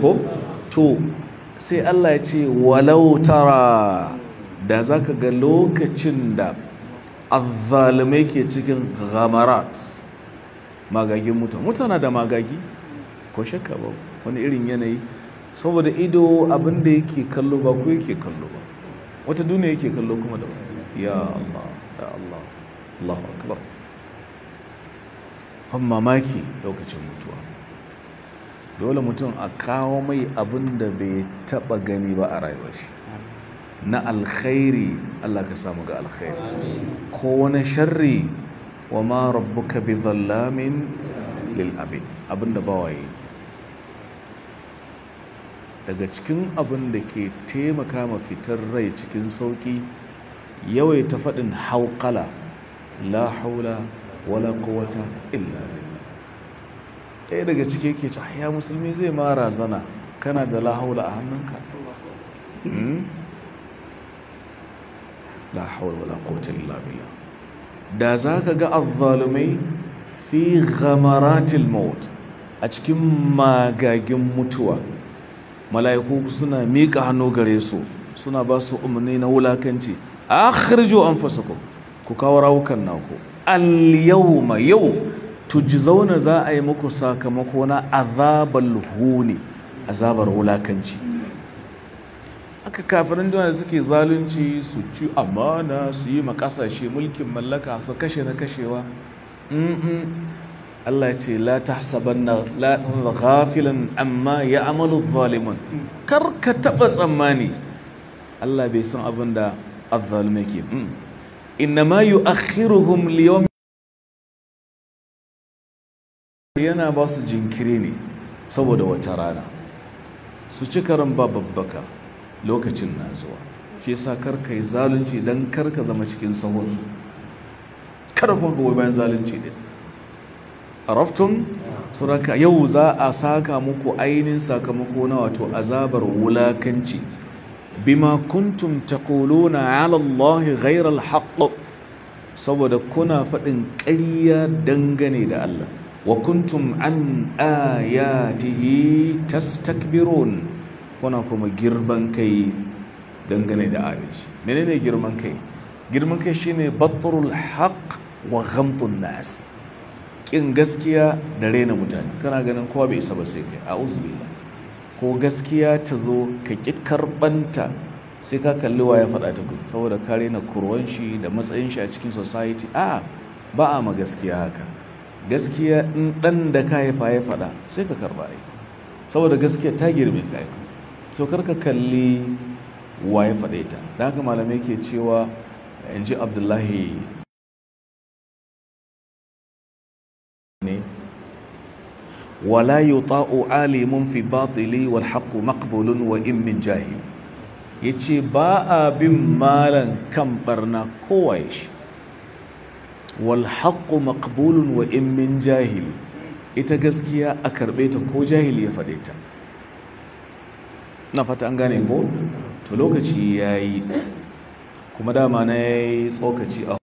ko to sai Allah ya ce walau tara da zaka ga lokacin da azzalimai ke cikin ghamarat magagin mutane mutane da magagi ko shakka ba wani irin yanayi saboda ido abin da yake kallo ba ko yake kallo ba wata duniya yake kallo kuma da ya Allah ya Allah Allahu akbar amma maki lokacin mutuwa dole mutum a kawo mai abin da bai taba gani ba a rayuwar shi na alkhairi Allah ka samu ga alkhairi ko wani sharri wa ma rabbuka bi zallamin lil abin abinda bawaye daga cikin abin da ke taimaka ma fitar rai cikin sauki yawaita faɗin haukala, la haula wala quwwata illa billah ɗaya daga cike yake ce ya musulmi zai ma razana kana da lahaula a hannunka hmm? lahaula wala zaka ga azzalumai fi ghamaratil maut a cikin magagin mutuwa mala'iku suna miƙa hannu gare su suna ba su umarni na wulakanci an fasa ku kawo rawukan naku al ma yau tujizauna za a yi muku sakamako na azabar huni azabar wulakanci aka kafirin da suke zalunci su ci amana su yi ma mulkin mallaka su kashe na kashewa Allah ce la tahsabanna la ghafilan amma ya amalu zalimun kar ka taba tsammani Allah bai san abin da azzalume ke mm. innama akhiruhum li yana ba su jinkiri ne saboda wata rana su ci karan ba babbaka lokacin na zuwa shi sa karka yi zalunci don karka zama cikin sahunsu karfin goyi bayan zalunci din a raftun suraka yau za a saka muku ainihin sakamako na wato azabar wulakanci bima kuntum na ala allahi ghayra alhaq saboda kuna faɗin ƙarya dangane da Allah wa kuntum an ayatihi tastakbirun kuna kuma girman kai dangane da ayoyi menene girman kai girman kai shine batrul haq wa ghamtun nas kin gaskiya da rena mutane kana ganin kowa bai isa ba sai kai a'udhu billah ko gaskiya ta zo ka ki karɓanta sai ka kalli wa ya faɗa ta saboda ka rena kurwanshi da matsayin shi a cikin society a ba a ma gaskiya haka gaskiya in ɗan da ka haifa ya faɗa sai ka karɓa ai saboda gaskiya ta girme ka aiko so ka kalli wa ya faɗe ta da haka malamai ke cewa in ji abdullahi ne wala yuta'u alimun fi batili wal haqqu maqbulun wa in min jahil yace ba a bin Malam kan barna kowaye wal maqbulun wa in min jahili ita gaskiya a karbe ta ko jahili ya faɗe ta na fata an gane ko to lokaci yayi kuma dama na yayi tsokaci a